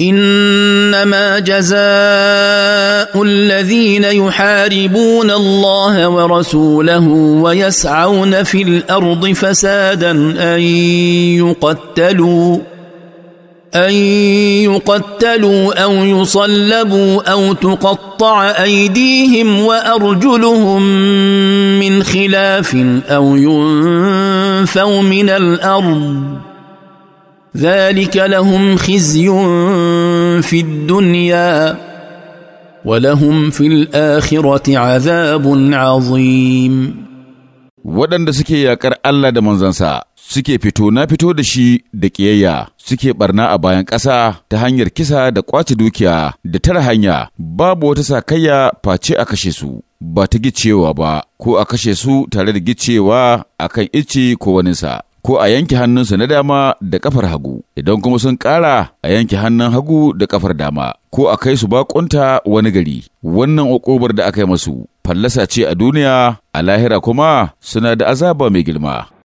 انما جزاء الذين يحاربون الله ورسوله ويسعون في الارض فسادا ان يقتلوا ان يقتلوا او يصلبوا او تقطع ايديهم وارجلهم من خلاف او ينفوا من الارض ذلك لهم خزي في الدنيا ولهم في الآخرة عذاب azim. waɗanda suke yaƙar Allah da manzansa suke fito na fito da shi da ƙiyayya suke ɓarna a bayan ƙasa ta hanyar kisa da ƙwace dukiya da tara hanya babu wata sakayya face a kashe su ba ta gicewa ba ko a kashe su tare da gicewa akan ice ko waninsa. ko a yanke hannunsa na dama da kafar hagu, idan kuma sun ƙara a yanke hannun hagu da kafar dama, ko a kai su bakunta wani gari. Wannan okobar da aka yi masu, fallasa ce a duniya, a lahira kuma suna da azaba mai girma.